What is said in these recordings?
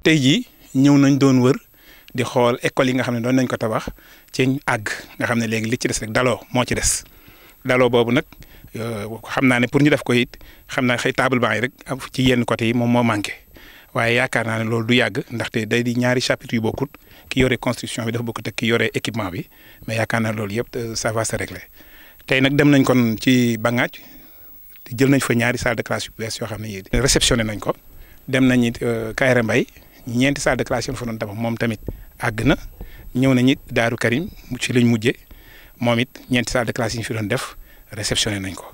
tey jii ñëw nañ doon wër di xool école yi nga xam ne doon nañ ko tabax ci àgg nga xam ne léegi li ci des rek daloo moo ci des daloo boobu nag euh, xam naa ne pour ñu def ko it xam naa xëy table banc yi rek ci yenn côté moom moo manqué waaye yaakaar naa ne loolu du yàgg ndaxte day di ñaari chapitre yu bokkut ki yore construction bi dafa bokkut ak ki yore équipement bi mais yaakaar naa loolu yëpp euh, ça va se régler tey nag dem nañ kon ci Bangaaj jël nañ fa ñaari salle de classe yu bees yoo xam ne yii réceptionné nañ ko dem nañ it euh, KR Mbaye ñeenti salle de classe yi fa doon tabax moom tamit àgg na ñëw nañ it Daaru Karim ci lañ mujje moom it ñeenti salle de classe yi ñu fi doon def réceptionné nañ ko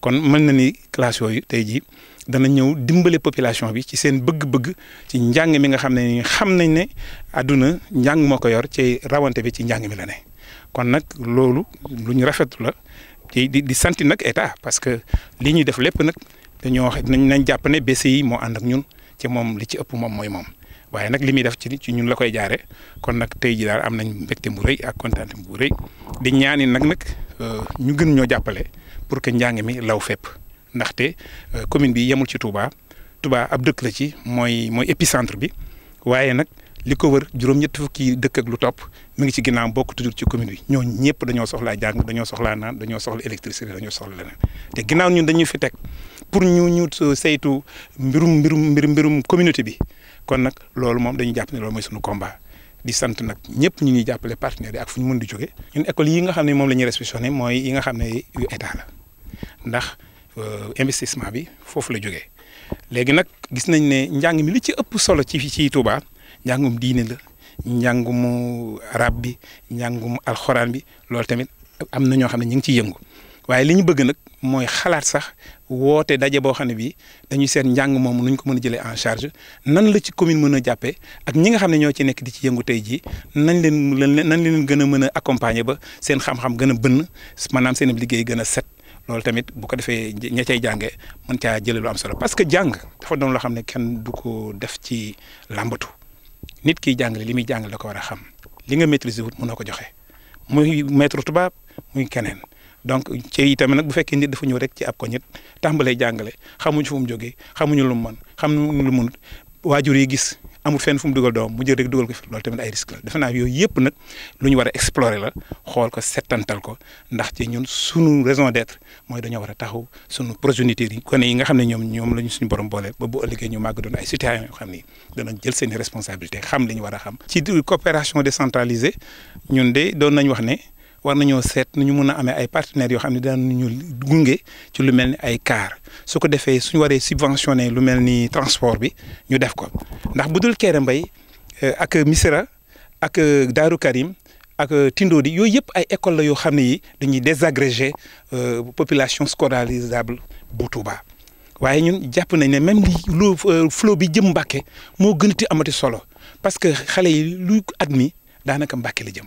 kon mën na ni classe yooyu tey jii dana ñëw dimbale population bi ci seen bëgg-bëgg ci njàng mi nga xam ne xam nañ ne àdduna njàng moo ko yor ci rawante bi ci njàng mi la ne kon nag loolu lu ñu rafetu la di di santi nag état parce que li ñuy def lépp nag dañoo wax nañ nañ jàpp ne BCI moo ànd ak ñun ci moom li ci ëpp moom mooy moom waaye nag li muy def ci ci ñun la koy jaare kon nag tey ji daal am nañ mbégte bu rëy ak kontaante bu rëy di ñaani nag nag euh, ñu gën ñoo jàppale pour que njàng mi law fépp ndaxte euh, commune bi yemul ci Touba Touba ab dëkk la ci mooy mooy épicentre bi waaye nag li ko wër juróom ñetti fukki dëkk lu topp mu ngi ci ginnaaw bokk toujours ci commune bi ñoo ñëpp dañoo soxlaa jàng dañoo soxlaa naan dañoo soxla électricité dañoo soxla leneen te ginnaaw ñun dañuy fi teg pour ñu ñu euh, saytu mbirum mbirum mbir mbirum communauté bi kon nag loolu moom dañu jàpp ne loolu mooy sunu combat di sant nag ñëpp ñu ngi jàppale partenaires yi ak fu ñu mun di jóge ñun école yi nga xam ne moom la ñuy respitionné mooy yi nga xam ne yu état la ndax euh, investissement bi foofu la jógee léegi nag gis nañ ne njàng mi li ci ëpp solo ci ci Touba njàngum diine la njàngumu arab bi njàngum alxuraan bi loolu tamit am na ñoo xam ne ñu ngi ciy yëngu waaye mooy xalaat sax woote daje boo xam ne bii dañuy seet njàng moom nu ñu ko mën a jëlee en charge nan la ci commune mën a jàppee ak ñi nga xam ne ñoo ci nekk di ci yëngu tey jii nañ leen nañ leen gën a mën a accompagner ba seen xam-xam gën a bënn maanaam seen liggéey gën a set loolu tamit bu ko defee ña cay jàngee mën caa jëlee lu am solo parce que jàng dafa doon loo xam ne kenn du ko def ci làmbatu nit kiy jàngale li muy jàngale da ko war a xam li nga maîtriser wut mënoo ko joxe muy maître tubaab muy keneen. donc ci itamit nag bu fekkee nit defu ñëw rek ci ab ko ñit tàmbalee jàngale xamuñ fu mu jógee xamuñu lu mu mën xamuñu lu munut waajur yi gis amul fenn fu mu dugal doom mu jël rek dugal ko fi loolu tamit ay risque la defe naa yooyu yëpp nag lu ñu war la xool ko settantal ko ndax ñun sunu raison d'être mooy dañoo war a taxaw sunu progéniteurs yi kon yi nga xam ne ñoom ñoom lañu ñu suñu borom boole ba bu ëllëgee ñu màgg doon ay citoyens yoo xam ni danañ jël seeni i responsabilité xam li ñu war a xam. ci coopération décentralisée ñun de doon nañ wax ne. war nañoo seet nu ñu mun a amee ay partenaires yoo xam ne danañu gunge ci lu mel ni ay car su ko defee suñu waree subventionné lu mel ni transport bi ñu def ko ndax bu dul euh, ak Missirah ak euh, Daaru Karim ak euh, Tindodi yooyu yëpp ay école la yoo xam ne yi dañuy désagrégé population scolarisable bu Touba waaye ñun jàpp nañ ne même lu flow bi jëm Mbàkke moo gën amati solo parce que xale yi lu at mi daanaka Mbàkke la jëm